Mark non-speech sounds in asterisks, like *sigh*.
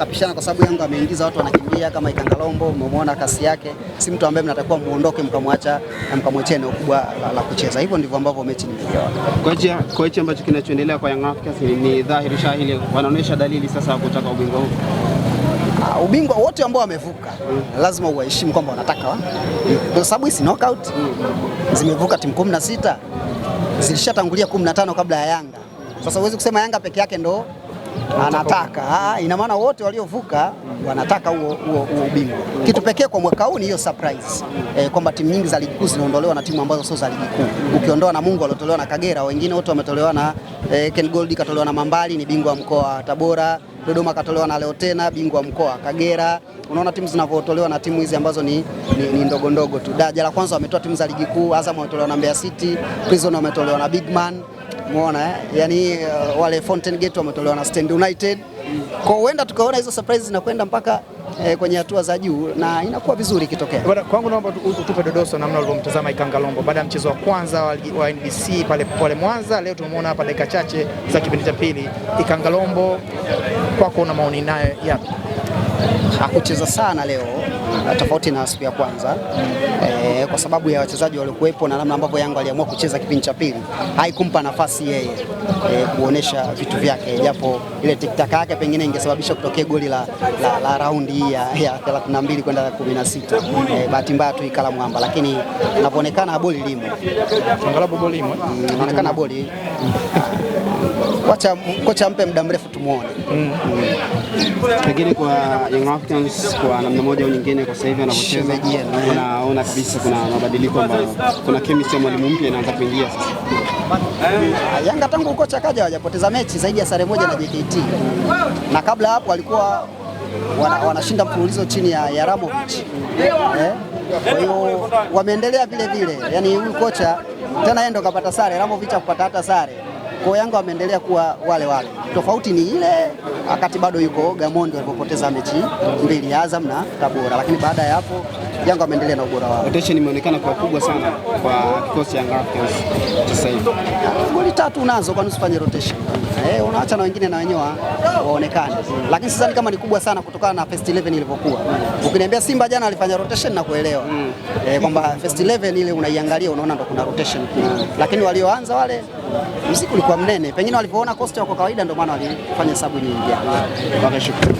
wakapishana, kwa sababu Yanga ameingiza watu wanakimbia kama Ikangalombo, umemwona kasi yake, si mtu ambaye mnatakiwa muondoke mkamwacha na mkamwachia eneo kubwa la, la kucheza. Hivyo ndivyo ambavyo mechi ni Kwa hichi ambacho kinachoendelea kwa Young Africans ni dhahiri shahili, wanaonyesha dalili sasa kutaka ubingwa huu. Uh, ubingwa wote ambao wamevuka mm. lazima uwaheshimu kwamba wanataka wa kwa sababu hii knockout mm. zimevuka timu 16 zilishatangulia 15 kabla ya Yanga. Sasa huwezi kusema Yanga peke yake ndo anataka ah, ah, ina maana wote waliovuka wanataka huo huo ubingwa. Kitu pekee kwa mwaka huu ni hiyo surprise e, kwamba timu nyingi za ligi kuu zinaondolewa na timu ambazo sio za ligi kuu. Ukiondoa Mungu aliotolewa na Kagera, wengine wote wametolewa na e, Ken Gold katolewa na Mambali, ni bingwa mkoa wa Tabora. Dodoma katolewa na leo tena bingwa mkoa Kagera. Unaona timu zinavyotolewa na timu hizi ambazo ni, ni, ni ndogondogo tu. Daraja la kwanza wametoa timu za ligi kuu, Azam wametolewa na Mbeya City, Prison wametolewa na Bigman umeona eh? Yani uh, wale Fountain Gate wametolewa na Stand United kwa huenda tukaona hizo surprise zinakwenda mpaka eh, kwenye hatua za juu na inakuwa vizuri ikitokea. Kwangu naomba utupe dodoso namna ulivyomtazama Ikanga baada ya mchezo wa kwanza wa NBC pale pale Mwanza. Leo tumemwona hapa dakika chache za kipindi cha pili. Ikanga kwako una maoni nayo yapi? hakucheza sana leo tofauti na siku ya kwanza e, kwa sababu ya wachezaji waliokuwepo na namna ambavyo Yanga aliamua kucheza kipindi cha pili, haikumpa nafasi yeye e, kuonesha vitu vyake, japo ile tiktaka yake pengine ingesababisha kutokea goli la, la, la raundi hii ya 32 kwenda 16. E, eh, bahati mbaya tu ikala mwamba, lakini inapoonekana boli limo, angalau boli limo, mm, inaonekana boli *laughs* kocha, kocha mpe muda mrefu tumuone. mm. mm. Pengine kwa Young Africans kwa namna moja au nyingine, kwa sasa hivi anavyocheza, unaona kabisa kuna mabadiliko ambayo kuna chemistry ya mwalimu mpya inaanza kuingia sasa. Hmm. Yanga tangu kocha kaja hawajapoteza mechi zaidi ya sare moja na JKT, na kabla hapo walikuwa wanashinda wana mfululizo chini ya, ya Ramovic eh? Kwa hiyo wameendelea vile vile, yani huyu kocha tena yeye ndo kapata sare, Ramovic akupata hata sare kwa Yanga wameendelea kuwa wale wale, tofauti ni ile wakati bado yuko Gamondi walipopoteza mechi mbili Azam na Tabora, lakini baada ya hapo Yanga wameendelea na ubora wao. Rotation imeonekana kwa kubwa sana kwa kikosi cha Africans sasa hivi. Goli tatu unazo, kwa nini rotation? Eh, unaacha na wengine na wenyewe waonekane, lakini ni kama ni kubwa sana kutokana na first 11 ilivyokuwa. Ukiniambia Simba jana alifanya rotation na kuelewa mm. eh, kwamba first 11 ile unaiangalia unaona ndo kuna rotation mm. lakini walioanza wale msiku ulikuwa mnene, pengine walivyoona Costa kwa kawaida ndio maana walifanya hesabu nyingi. Wakashukuru.